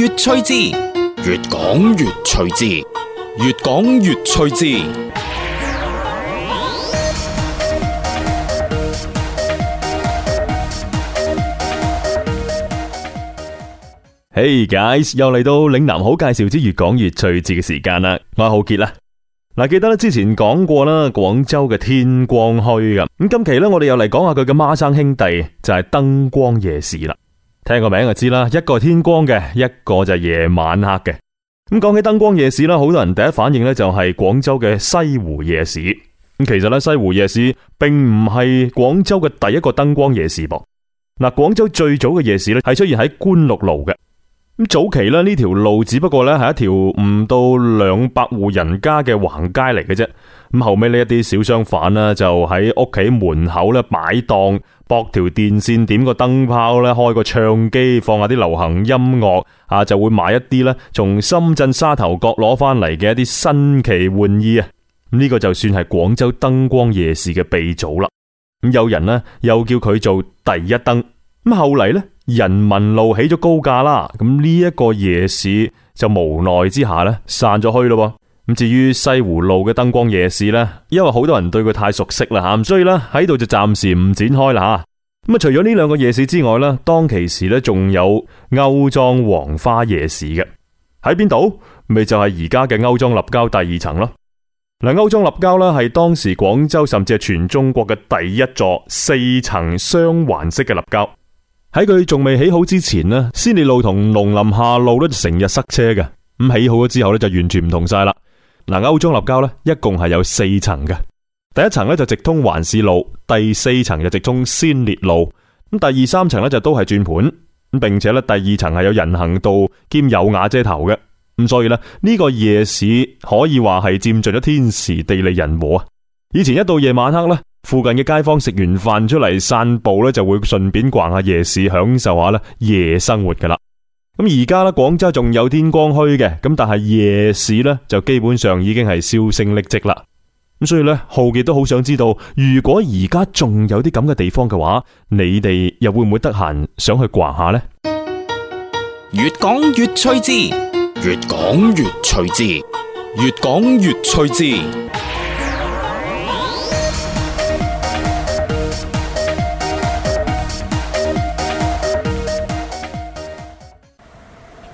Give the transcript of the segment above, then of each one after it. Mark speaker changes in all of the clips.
Speaker 1: 越趣致，越講越趣致，越講越趣致。
Speaker 2: Hey guys，又嚟到嶺南好介紹之越講越趣致嘅時間啦！我係浩傑啦。嗱，記得咧之前講過啦，廣州嘅天光墟咁。咁今期呢，我哋又嚟講下佢嘅孖生兄弟，就係、是、燈光夜市啦。聽個名就知啦，一個係天光嘅，一個就係夜晚黑嘅。咁講起燈光夜市啦，好多人第一反應咧就係廣州嘅西湖夜市。咁其實咧，西湖夜市並唔係廣州嘅第一個燈光夜市噃。嗱，廣州最早嘅夜市咧係出現喺官禄路嘅。咁早期咧呢條路只不過咧係一條唔到兩百戶人家嘅橫街嚟嘅啫。咁後尾呢一啲小商販呢，就喺屋企門口咧擺檔，駁條電線，點個燈泡咧，開個唱機，放下啲流行音樂，啊就會賣一啲咧從深圳沙頭角攞翻嚟嘅一啲新奇玩意啊！呢、這個就算係廣州燈光夜市嘅鼻祖啦。咁有人呢，又叫佢做第一燈。咁後嚟呢，人民路起咗高架啦，咁呢一個夜市就無奈之下咧散咗墟咯。咁至於西湖路嘅燈光夜市呢，因為好多人對佢太熟悉啦吓，所以呢喺度就暫時唔展開啦吓。咁啊，除咗呢兩個夜市之外呢，當其時呢仲有歐莊黃花夜市嘅喺邊度？咪就係而家嘅歐莊立交第二層咯。嗱，歐莊立交呢係當時廣州甚至係全中國嘅第一座四層雙環式嘅立交。喺佢仲未起好之前呢，先烈路同農林下路呢就成日塞車嘅。咁起好咗之後呢，就完全唔同晒啦。嗱，歐中立交咧，一共係有四層嘅。第一層咧就直通環市路，第四層就直通先烈路。咁第二、三層咧就都係轉盤，並且咧第二層係有人行道兼有瓦遮頭嘅。咁所以咧呢個夜市可以話係佔盡咗天時地利人和啊！以前一到夜晚黑咧，附近嘅街坊食完飯出嚟散步咧，就會順便逛下夜市，享受下咧夜生活噶啦。咁而家咧，廣州仲有天光墟嘅。咁但係夜市咧就基本上已經係銷聲匿跡啦。咁所以咧，浩杰都好想知道，如果而家仲有啲咁嘅地方嘅話，你哋又會唔會得閒想去逛下呢？
Speaker 1: 越講越趣致，越講越趣致，越講越趣致。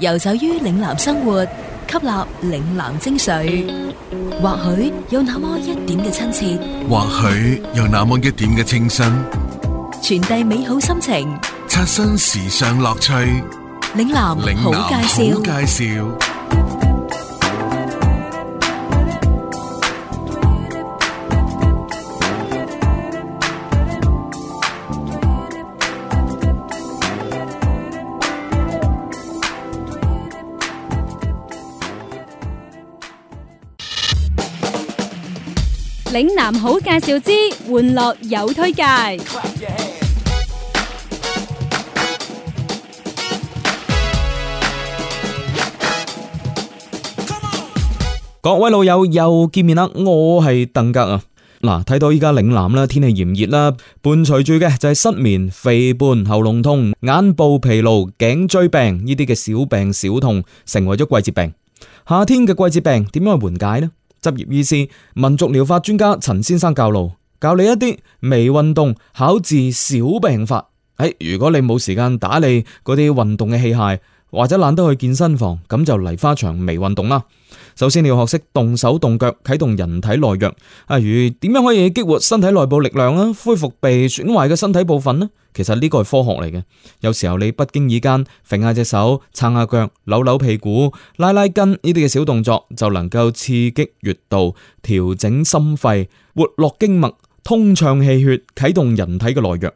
Speaker 3: 遊走於嶺南生活，吸納嶺南精髓，或許有那麼一點嘅親切，
Speaker 4: 或許有那麼一點嘅清新，
Speaker 3: 傳遞美好心情，
Speaker 4: 刷新時尚樂趣。
Speaker 3: 嶺南好介紹，好介
Speaker 4: 紹。
Speaker 5: 嶺南好介紹之，玩樂有推介。
Speaker 1: 各位老友又見面啦，我係鄧格啊。嗱，睇到依家嶺南啦，天氣炎熱啦，伴隨住嘅就係失眠、肥胖、喉嚨痛、眼部疲勞、頸椎病呢啲嘅小病小痛，成爲咗季節病。夏天嘅季節病點樣去緩解呢？執業醫師、民俗療法專家陳先生教路，教你一啲微運動巧治小病法。哎，如果你冇時間打理嗰啲運動嘅器械。或者懶得去健身房，咁就嚟翻場微運動啦。首先你要學識動手動腳，啟動人體內藥。例如點樣可以激活身體內部力量啦，恢復被損壞嘅身體部分呢？其實呢個係科學嚟嘅。有時候你不經意間揈下隻手，撐下腳，扭扭屁股，拉拉筋，呢啲嘅小動作就能夠刺激穴道，調整心肺，活絡經脈，通暢氣血，啟動人體嘅內藥。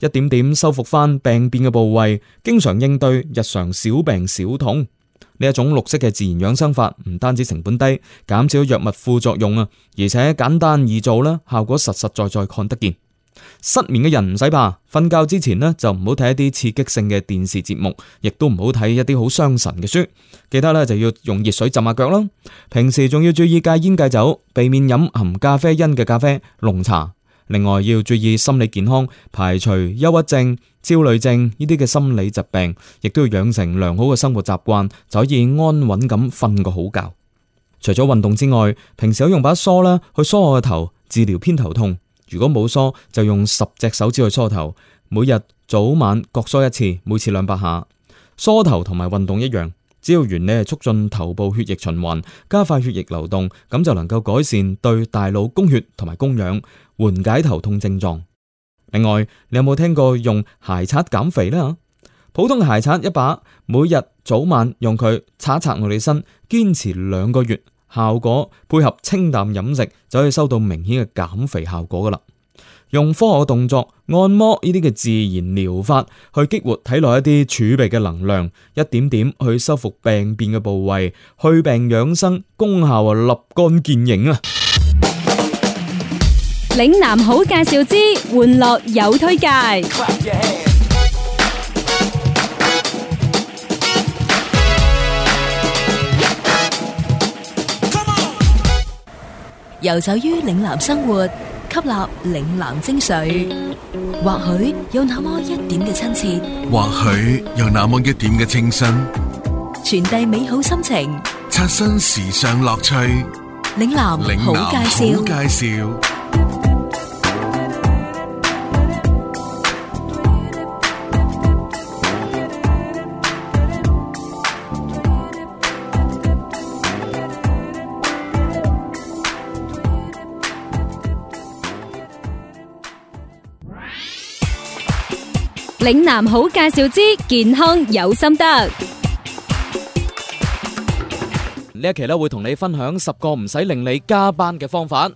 Speaker 1: 一點點修復翻病變嘅部位，經常應對日常小病小痛。呢一種綠色嘅自然養生法，唔單止成本低，減少藥物副作用啊，而且簡單易做啦，效果實實在在看得見。失眠嘅人唔使怕，瞓覺之前呢就唔好睇一啲刺激性嘅電視節目，亦都唔好睇一啲好傷神嘅書。記得呢就要用熱水浸下腳啦。平時仲要注意戒煙戒酒，避免飲含咖啡因嘅咖啡、濃茶。另外要注意心理健康，排除憂鬱症、焦慮症呢啲嘅心理疾病，亦都要養成良好嘅生活習慣，就可以安穩咁瞓個好覺。除咗運動之外，平時都用把梳啦去梳我嘅頭，治療偏頭痛。如果冇梳，就用十隻手指去梳頭，每日早晚各梳一次，每次兩百下。梳頭同埋運動一樣，只要原理係促進頭部血液循環，加快血液流動，咁就能夠改善對大腦供血同埋供氧，緩解頭痛症狀。另外，你有冇聽過用鞋刷減肥呢？普通鞋刷一把，每日早晚用佢擦擦我哋身，堅持兩個月，效果配合清淡飲食就可以收到明顯嘅減肥效果噶啦。用科學嘅動作按摩呢啲嘅自然療法，去激活體內一啲儲備嘅能量，一點點去修復病變嘅部位，去病養生，功效啊立竿見影啊！
Speaker 5: 嶺南好介紹之，玩樂有推介。
Speaker 3: 遊走於嶺南生活，吸納嶺南精髓，或許有那麼一點嘅親切，
Speaker 4: 或許有那麼一點嘅清新，
Speaker 3: 傳遞美好心情，
Speaker 4: 刷新時尚樂趣。
Speaker 3: 嶺南好介
Speaker 4: 紹。
Speaker 5: 嶺南好介紹之健康有心得，
Speaker 1: 呢一期呢會同你分享十個唔使令你加班嘅方法。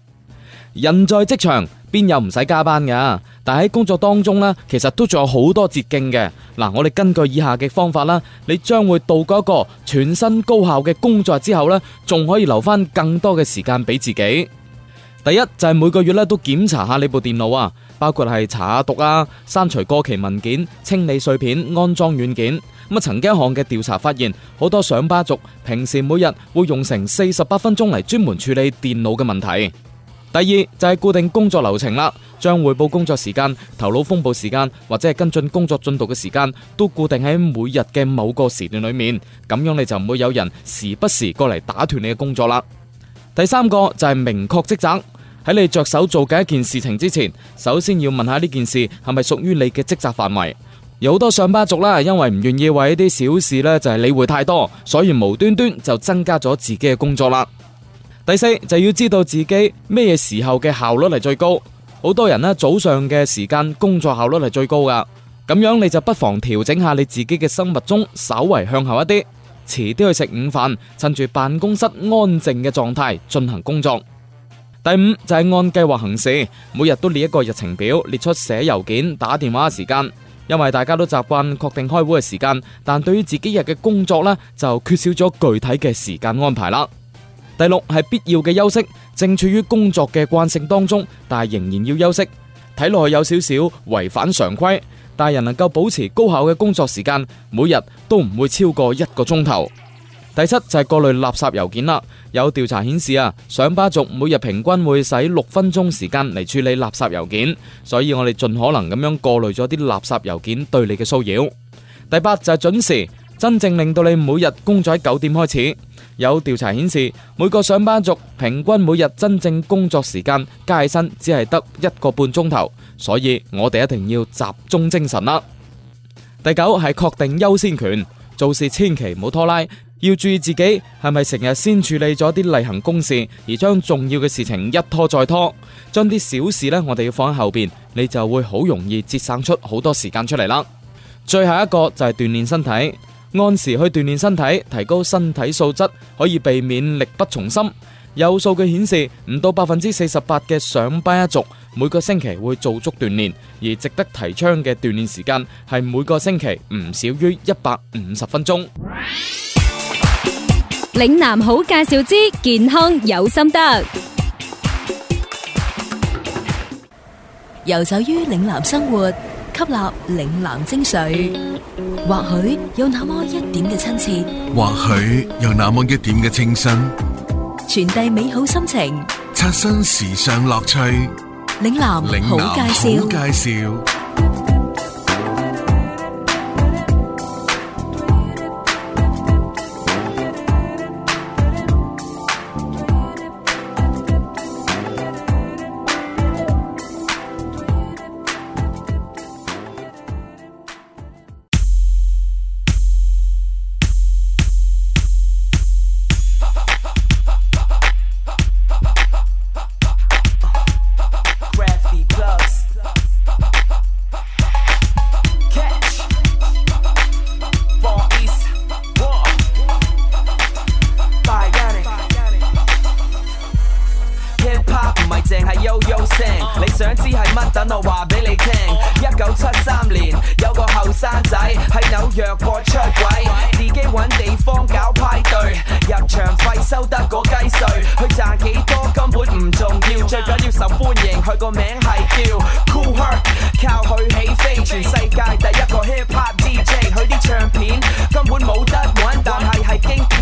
Speaker 1: 人在職場，邊有唔使加班㗎？但喺工作當中呢，其實都仲有好多捷徑嘅。嗱，我哋根據以下嘅方法啦，你將會度過一個全新高效嘅工作之後呢，仲可以留翻更多嘅時間俾自己。第一就係每個月呢都檢查下你部電腦啊。包括係查下毒啊、刪除過期文件、清理碎片、安裝軟件。咁啊，曾經一項嘅調查發現，好多上班族平時每日會用成四十八分鐘嚟專門處理電腦嘅問題。第二就係固定工作流程啦，將匯報工作時間、頭腦風暴時間或者係跟進工作進度嘅時間都固定喺每日嘅某個時段裏面。咁樣你就唔會有人時不時過嚟打斷你嘅工作啦。第三個就係明確職責。喺你着手做嘅一件事情之前，首先要問下呢件事係咪屬於你嘅職責範圍。有好多上班族啦，因為唔願意為一啲小事咧就係理會太多，所以無端端就增加咗自己嘅工作啦。第四，就要知道自己咩時候嘅效率係最高。好多人咧早上嘅時間工作效率係最高噶咁樣你就不妨調整下你自己嘅生物鐘，稍為向後一啲，遲啲去食午飯，趁住辦公室安靜嘅狀態進行工作。第五就係按計劃行事，每日都列一個日程表，列出寫郵件、打電話嘅時間。因為大家都習慣確定開會嘅時間，但對於自己日嘅工作呢，就缺少咗具體嘅時間安排啦。第六係必要嘅休息，正處於工作嘅慣性當中，但係仍然要休息，睇落去有少少違反常規，但人能夠保持高效嘅工作時間，每日都唔會超過一個鐘頭。第七就係過濾垃圾郵件啦。有調查顯示啊，上班族每日平均會使六分鐘時間嚟處理垃圾郵件，所以我哋盡可能咁樣過濾咗啲垃圾郵件對你嘅騷擾。第八就係準時，真正令到你每日工作喺九點開始。有調查顯示，每個上班族平均每日真正工作時間加起身只係得一個半鐘頭，所以我哋一定要集中精神啦。第九係確定優先權，做事千祈唔好拖拉。要注意自己係咪成日先處理咗啲例行公事，而將重要嘅事情一拖再拖，將啲小事呢，我哋要放喺後邊，你就會好容易節省出好多時間出嚟啦。最後一個就係鍛煉身體，按時去鍛煉身體，提高身體素質，可以避免力不從心。有數據顯示，唔到百分之四十八嘅上班一族每個星期會做足鍛煉，而值得提倡嘅鍛煉時間係每個星期唔少於一百五十分鐘。
Speaker 5: 嶺南好介紹之健康有心得，遊
Speaker 3: 走於嶺南生活，吸納嶺南精髓，或許有那麼一點嘅親切，
Speaker 4: 或許有那麼一點嘅清新，
Speaker 3: 傳遞美好心情，
Speaker 4: 刷新時尚樂趣。
Speaker 3: 嶺南好介
Speaker 4: 紹。
Speaker 6: 聲，Yo Sang, 你想知係乜？等我話俾你聽。一九七三年有個後生仔喺紐約過出軌，自己揾地方搞派對，入場費收得個雞碎，去賺幾多根本唔重要，最緊要受歡迎。佢個名係叫 Cool Herc，靠佢起飛全世界第一個 Hip Hop DJ。佢啲唱片根本冇得揾，但係係經。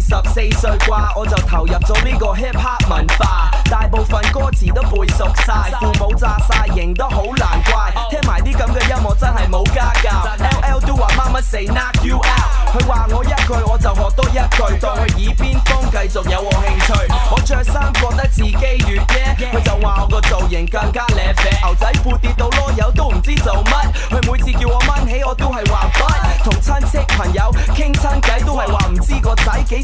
Speaker 6: 十四歲啩，我就投入咗呢個 hip hop 文化，大部分歌詞都背熟晒，父母炸晒，型都好難怪，聽埋啲咁嘅音樂真係冇家教。LL 但 都話媽媽死 knock you out，佢話我一句我就學多一句，當佢耳邊風繼續有我興趣。我着衫覺得自己越野，佢 Yeah. 就話我個造型更加叻。肥牛仔褲跌到囉柚都唔知做乜，佢每次叫我掹起我都係話不，同親戚朋友傾親偈都係話唔知個仔幾。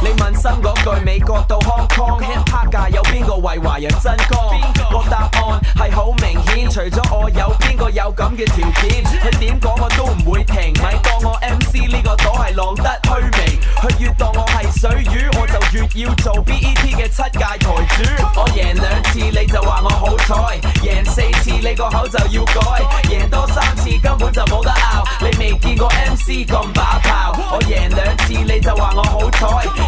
Speaker 6: 你問心嗰句美國到 Hong Kong hip hop 界 Okay. 有邊個為華人爭光？個 B ingo. 答案係好明顯，除咗我，有邊個有咁嘅條件？佢點講我都唔會停，咪 Yeah. 當我 MC 呢個座係浪得虛名。佢越當我係水魚，我就越要做 BEP 嘅七屆台主。B ingo. 我贏兩次你就話我好彩，贏四次你個口就要改，贏多三次根本就冇得拗。你未見過 MC 咁把炮，B ingo. 我贏兩次你就話我好彩。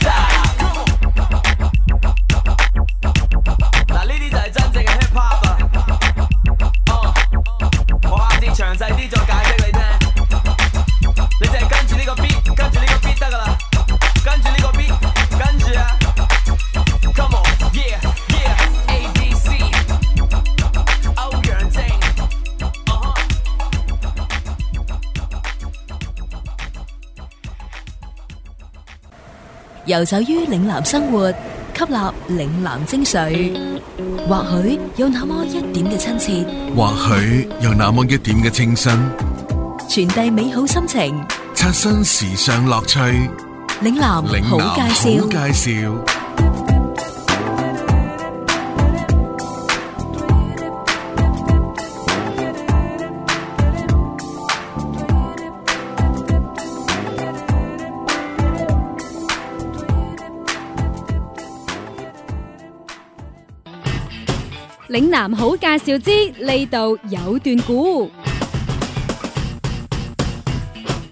Speaker 3: 遊走於嶺南生活，吸納嶺南精髓，或許有那麼一點嘅親切，
Speaker 4: 或許有那麼一點嘅清新，
Speaker 3: 傳遞美好心情，
Speaker 4: 刷新時尚樂趣。
Speaker 3: 嶺南好介紹，好介
Speaker 4: 紹。
Speaker 5: 嶺南好介紹之，呢度有段古。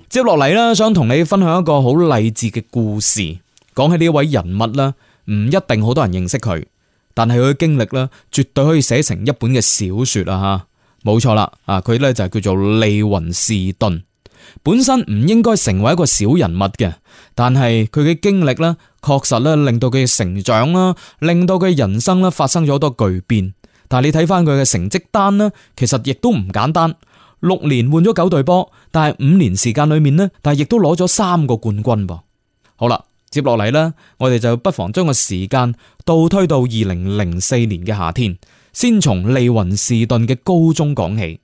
Speaker 1: 接落嚟呢，想同你分享一個好勵志嘅故事。講起呢位人物啦，唔一定好多人認識佢，但係佢嘅經歷咧，絕對可以寫成一本嘅小說啦。吓，冇錯啦，啊，佢咧就係叫做利云士頓。本身唔應該成為一個小人物嘅，但係佢嘅經歷咧，確實咧令到佢嘅成長啦，令到佢人生咧發生咗好多巨變。但係你睇翻佢嘅成績單呢，其實亦都唔簡單。六年換咗九隊波，但係五年時間裏面呢，但係亦都攞咗三個冠軍噃。好啦，接落嚟呢，我哋就不妨將個時間倒推到二零零四年嘅夏天，先從利雲士頓嘅高中講起。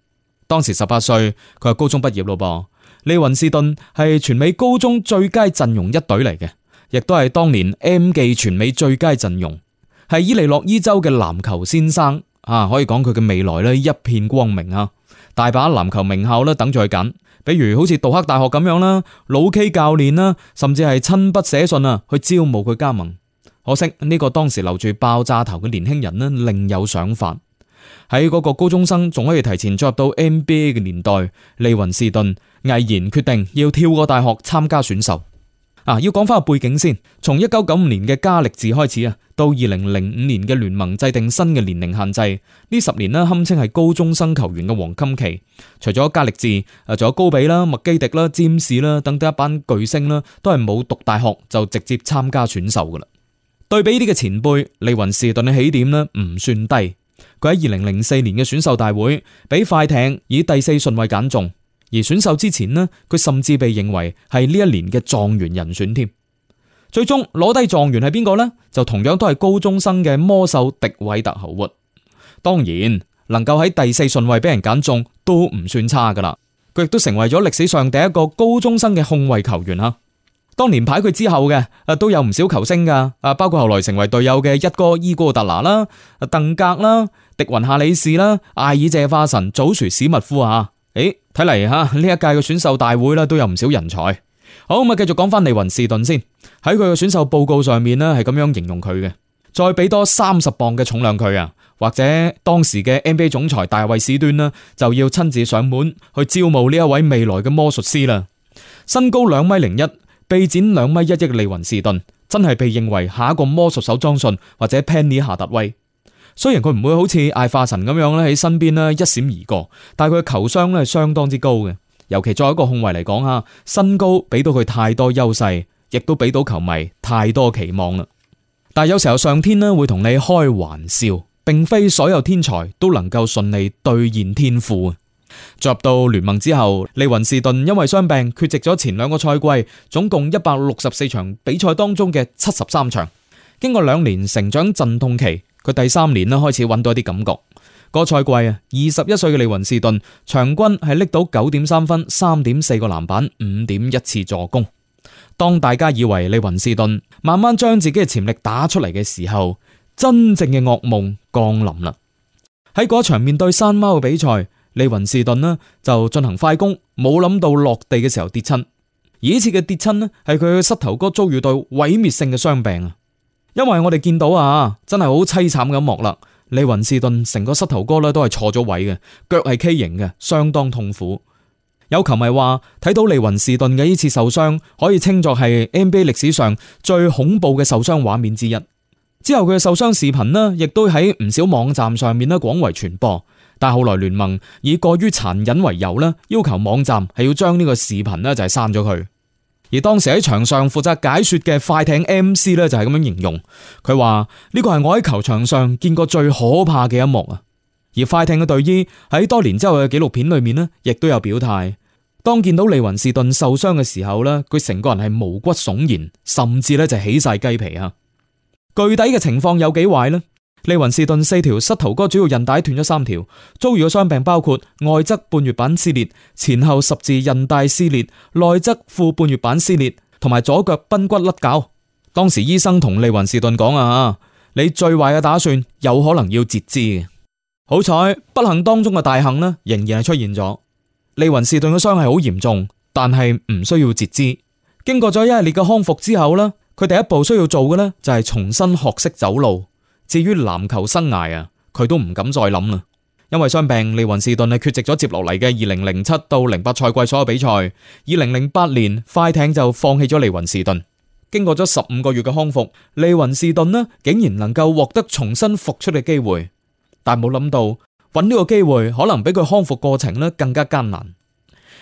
Speaker 1: 當時十八歲，佢係高中畢業咯噃。利雲士頓係全美高中最佳陣容一隊嚟嘅，亦都係當年 M 記全美最佳陣容，係伊利諾伊州嘅籃球先生。啊，可以講佢嘅未來咧一片光明啊，大把籃球名校咧等住緊，比如好似杜克大學咁樣啦，老 K 教練啦，甚至係親筆寫信啊去招募佢加盟。可惜呢個當時留住爆炸頭嘅年輕人咧，另有想法。喺嗰個高中生仲可以提前進入到 NBA 嘅年代，利雲士頓毅然決定要跳過大學參加選秀。啊，要講翻個背景先，從一九九五年嘅加力治開始啊，到二零零五年嘅聯盟制定新嘅年齡限制，呢十年咧堪稱係高中生球員嘅黃金期。除咗加力治，誒，仲有高比啦、麥基迪啦、詹士啦等等一班巨星啦，都係冇讀大學就直接參加選秀噶啦。對比呢啲嘅前輩，利雲士頓嘅起點咧唔算低，佢喺二零零四年嘅選秀大會，比快艇以第四順位揀中。而選秀之前呢，佢甚至被認為係呢一年嘅狀元人選添。最終攞低狀元係邊個呢？就同樣都係高中生嘅魔獸迪偉特侯活。當然能夠喺第四順位俾人揀中都唔算差噶啦。佢亦都成為咗歷史上第一個高中生嘅控衛球員啊。當年排佢之後嘅啊，都有唔少球星噶啊，包括後來成為隊友嘅一哥伊哥特拿啦、鄧格啦、迪雲夏里士啦、艾爾謝化神、祖殊史密夫啊。誒、哎。睇嚟哈，呢一屆嘅選秀大會咧都有唔少人才。好，咁啊繼續講翻利雲士頓先。喺佢嘅選秀報告上面咧，係咁樣形容佢嘅。再俾多三十磅嘅重量佢啊，或者當時嘅 NBA 總裁大衛史端呢，就要親自上門去招募呢一位未來嘅魔術師啦。身高兩米零一，臂展兩米一億嘅利雲士頓，真係被認為下一個魔術手莊遜或者 Penny 夏特威。雖然佢唔會好似艾化神咁樣咧，喺身邊咧一閃而過，但係佢嘅球商咧相當之高嘅，尤其作為一個控衛嚟講啊，身高俾到佢太多優勢，亦都俾到球迷太多期望啦。但有時候上天咧會同你開玩笑，並非所有天才都能夠順利兌現天賦。入到聯盟之後，利雲士頓因為傷病缺席咗前兩個賽季，總共一百六十四場比賽當中嘅七十三場。經過兩年成長陣痛期。佢第三年啦，開始揾到一啲感覺。嗰個賽季啊，二十一歲嘅利雲士頓，場均係拎到九點三分、三點四個籃板、五點一次助攻。當大家以為利雲士頓慢慢將自己嘅潛力打出嚟嘅時候，真正嘅噩夢降臨啦。喺嗰場面對山貓嘅比賽，利雲士頓呢就進行快攻，冇諗到落地嘅時候跌親。而呢次嘅跌親呢係佢嘅膝頭哥遭遇到毀滅性嘅傷病啊。因為我哋見到啊，真係好淒慘嘅一幕啦！利云士頓成個膝頭哥咧都係錯咗位嘅，腳係畸形嘅，相當痛苦。有球迷話睇到利云士頓嘅呢次受傷，可以稱作係 NBA 歷史上最恐怖嘅受傷畫面之一。之後佢嘅受傷視頻呢亦都喺唔少網站上面咧廣為傳播。但係後來聯盟以過於殘忍為由咧，要求網站係要將呢個視頻呢就係刪咗佢。而當時喺場上負責解說嘅快艇 MC 咧就係咁樣形容，佢話呢個係我喺球場上見過最可怕嘅一幕啊！而快艇嘅隊醫喺多年之後嘅紀錄片裏面呢，亦都有表態，當見到利雲士頓受傷嘅時候咧，佢成個人係毛骨悚然，甚至咧就起晒雞皮啊！具體嘅情況有幾壞呢？利雲士頓四條膝頭哥主要韌帶斷咗三條，遭遇咗傷病，包括外側半月板撕裂、前後十字韌帶撕裂、內側副半月板撕裂，同埋左腳髕骨甩骹。當時醫生同利雲士頓講啊，你最壞嘅打算有可能要截肢嘅。好彩不幸當中嘅大幸呢，仍然係出現咗。利雲士頓嘅傷係好嚴重，但係唔需要截肢。經過咗一系列嘅康復之後呢，佢第一步需要做嘅呢，就係重新學識走路。至於籃球生涯啊，佢都唔敢再諗啦，因為傷病，利云士頓係缺席咗接落嚟嘅二零零七到零八賽季所有比賽。二零零八年快艇就放棄咗利云士頓。經過咗十五個月嘅康復，利云士頓呢竟然，能夠獲得重新復出嘅機會，但冇諗到搵呢個機會可能比佢康復過程呢更加艱難。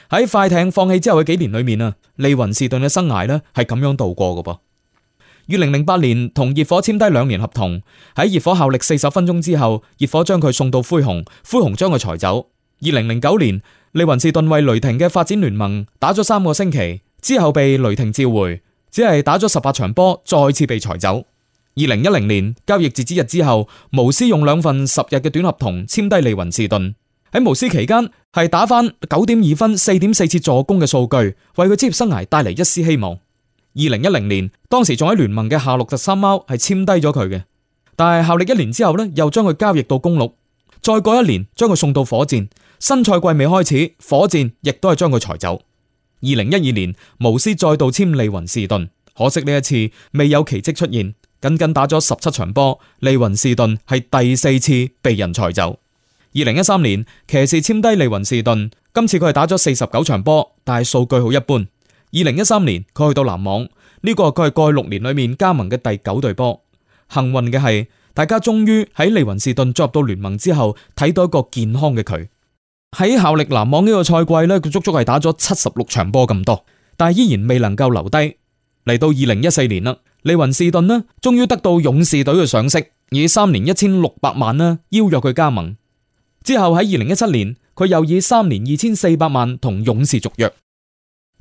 Speaker 1: 喺快艇放棄之後嘅幾年裏面啊，利云士頓嘅生涯呢係咁樣度過嘅噃。二零零八年同熱火簽低兩年合同，喺熱火效力四十分鐘之後，熱火將佢送到灰熊，灰熊將佢裁走。二零零九年，利雲士頓為雷霆嘅發展聯盟打咗三個星期，之後被雷霆召回，只係打咗十八場波，再次被裁走。二零一零年交易截止日之後，巫師用兩份十日嘅短合同簽低利雲士頓，喺巫師期間係打返九點二分，四點四次助攻嘅數據，為佢職業生涯帶嚟一絲希望。二零一零年，當時仲喺聯盟嘅夏洛特三貓係簽低咗佢嘅，但係效力一年之後呢，又將佢交易到公鹿，再過一年將佢送到火箭，新賽季未開始，火箭亦都係將佢裁走。二零一二年，巫師再度簽利雲士頓，可惜呢一次未有奇跡出現，僅僅打咗十七場波，利雲士頓係第四次被人裁走。二零一三年，騎士簽低利雲士頓，今次佢係打咗四十九場波，但係數據好一般。二零一三年，佢去到籃網呢，這個佢係過去六年裏面加盟嘅第九隊波。幸運嘅係，大家終於喺利雲士頓作入到聯盟之後，睇到一個健康嘅佢。喺效力籃網呢個賽季呢，佢足足係打咗七十六場波咁多，但係依然未能夠留低。嚟到二零一四年啦，利雲士頓呢，終於得到勇士隊嘅賞識，以三年一千六百萬呢邀約佢加盟。之後喺二零一七年，佢又以三年二千四百萬同勇士續約。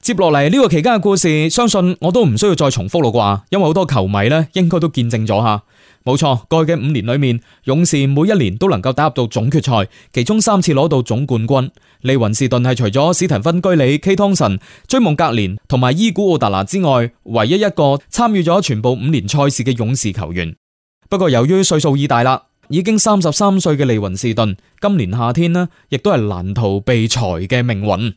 Speaker 1: 接落嚟呢個期間嘅故事，相信我都唔需要再重複啦啩，因為好多球迷咧，應該都見證咗吓。冇錯，過去嘅五年裏面，勇士每一年都能夠打入到總決賽，其中三次攞到總冠軍。利雲士頓係除咗史提芬居里、K 湯臣、追夢格連同埋伊古奧達拿之外，唯一一個參與咗全部五年賽事嘅勇士球員。不過，由於歲數已大啦，已經三十三歲嘅利雲士頓，今年夏天呢，亦都係難逃被裁嘅命運。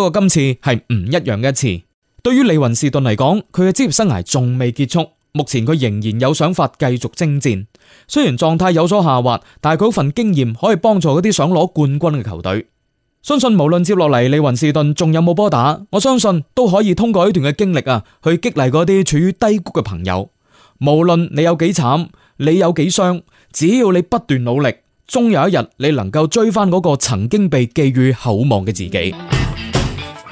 Speaker 1: 不過今次係唔一樣嘅一次。對於李雲士頓嚟講，佢嘅職業生涯仲未結束。目前佢仍然有想法繼續征戰。雖然狀態有所下滑，但係佢份經驗可以幫助嗰啲想攞冠軍嘅球隊。相信無論接落嚟，李雲士頓仲有冇波打，我相信都可以通過一段嘅經歷啊，去激勵嗰啲處於低谷嘅朋友。無論你有幾慘，你有幾傷，只要你不斷努力，終有一日你能夠追翻嗰個曾經被寄予厚望嘅自己。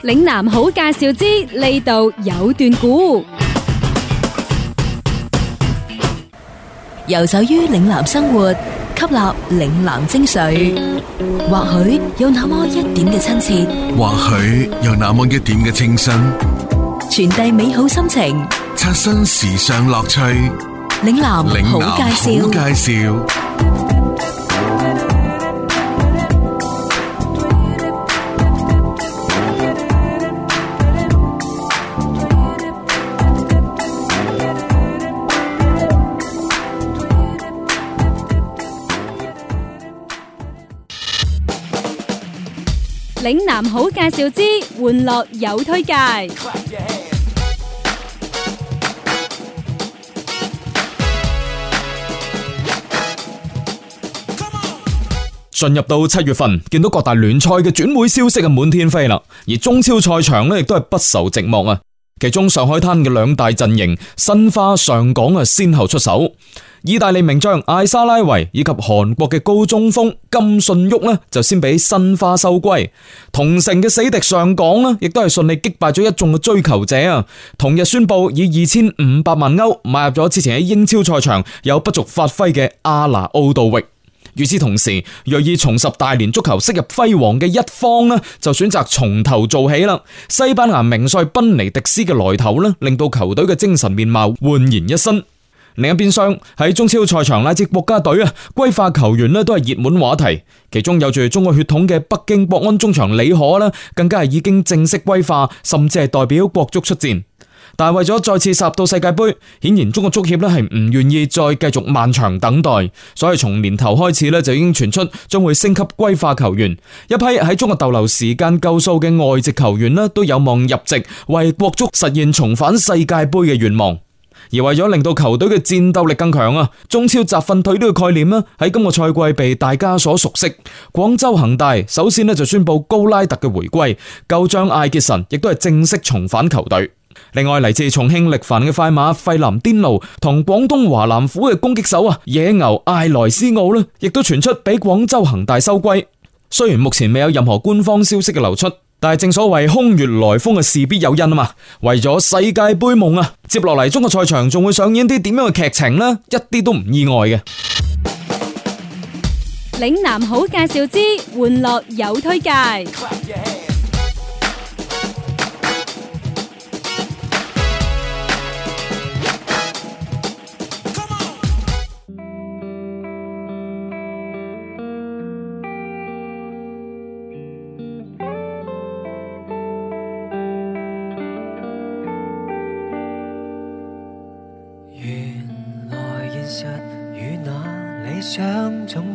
Speaker 5: 嶺南好介紹之，呢度有段古。
Speaker 3: 游走於嶺南生活，吸納嶺南精髓，或許有那麼一點嘅親切，
Speaker 4: 或許有那麼一點嘅清新，
Speaker 3: 傳遞美好心情，
Speaker 4: 刷新時尚樂趣。
Speaker 3: 嶺南好介
Speaker 4: 紹。
Speaker 5: 嶺南好介紹之，玩樂有推介。
Speaker 1: 進入到七月份，見到各大聯賽嘅轉會消息啊，滿天飛啦。而中超賽場呢，亦都係不愁寂寞啊。其中上海灘嘅兩大陣營，申花、上港啊，先後出手。意大利名將艾沙拉維以及韓國嘅高中鋒金信煜呢，就先俾申花收歸。同城嘅死敵上港呢，亦都係順利擊敗咗一眾嘅追求者啊！同日宣布以二千五百萬歐買入咗之前喺英超賽場有不俗發揮嘅阿拿奧道域。與此同時，若要重拾大連足球昔日輝煌嘅一方呢，就選擇從頭做起啦。西班牙名帥賓尼迪斯嘅來頭呢，令到球隊嘅精神面貌煥然一新。另一邊廂喺中超賽場乃至國家隊啊，歸化球員呢都係熱門話題。其中有著中國血統嘅北京國安中場李可呢，更加係已經正式歸化，甚至係代表國足出戰。但係為咗再次殺到世界盃，顯然中國足協呢係唔願意再繼續漫長等待，所以從年頭開始呢就已經傳出將會升級歸化球員，一批喺中國逗留時間夠數嘅外籍球員呢都有望入籍，為國足實現重返世界盃嘅願望。而為咗令到球隊嘅戰鬥力更強啊，中超集訓隊呢個概念咧喺今個賽季被大家所熟悉。廣州恒大首先咧就宣布高拉特嘅回歸，舊將艾杰神亦都係正式重返球隊。另外嚟自重慶力帆嘅快馬費林·顛奴同廣東華南虎嘅攻擊手啊野牛艾萊斯奧咧，亦都傳出俾廣州恒大收歸。雖然目前未有任何官方消息嘅流出。但係正所謂空穴來風啊，事必有因啊嘛。為咗世界杯夢啊，接落嚟中國賽場仲會上演啲點樣嘅劇情呢？一啲都唔意外嘅。
Speaker 5: 嶺南好介紹之，玩樂有推介。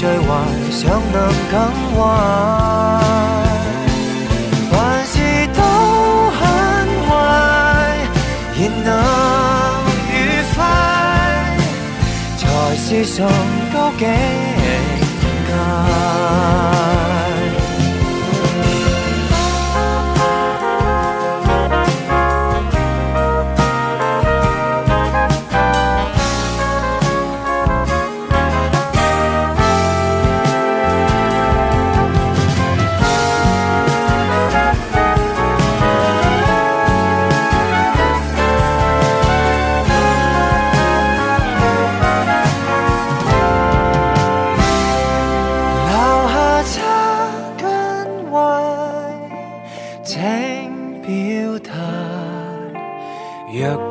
Speaker 7: 最壞尚能更壞，凡事都很壞，仍能愉快才是崇高境。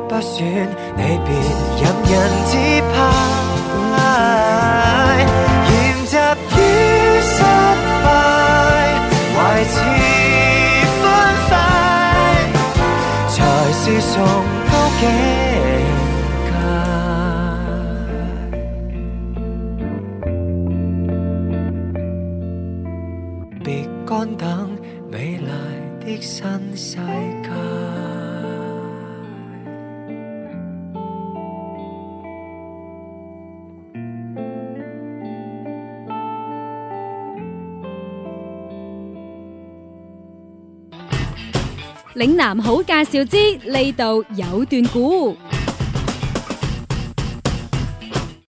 Speaker 7: 不選你別任人指派，嫌習於失敗，維持歡快，才是崇高境界。
Speaker 5: 嶺南好介紹之，呢度有段古。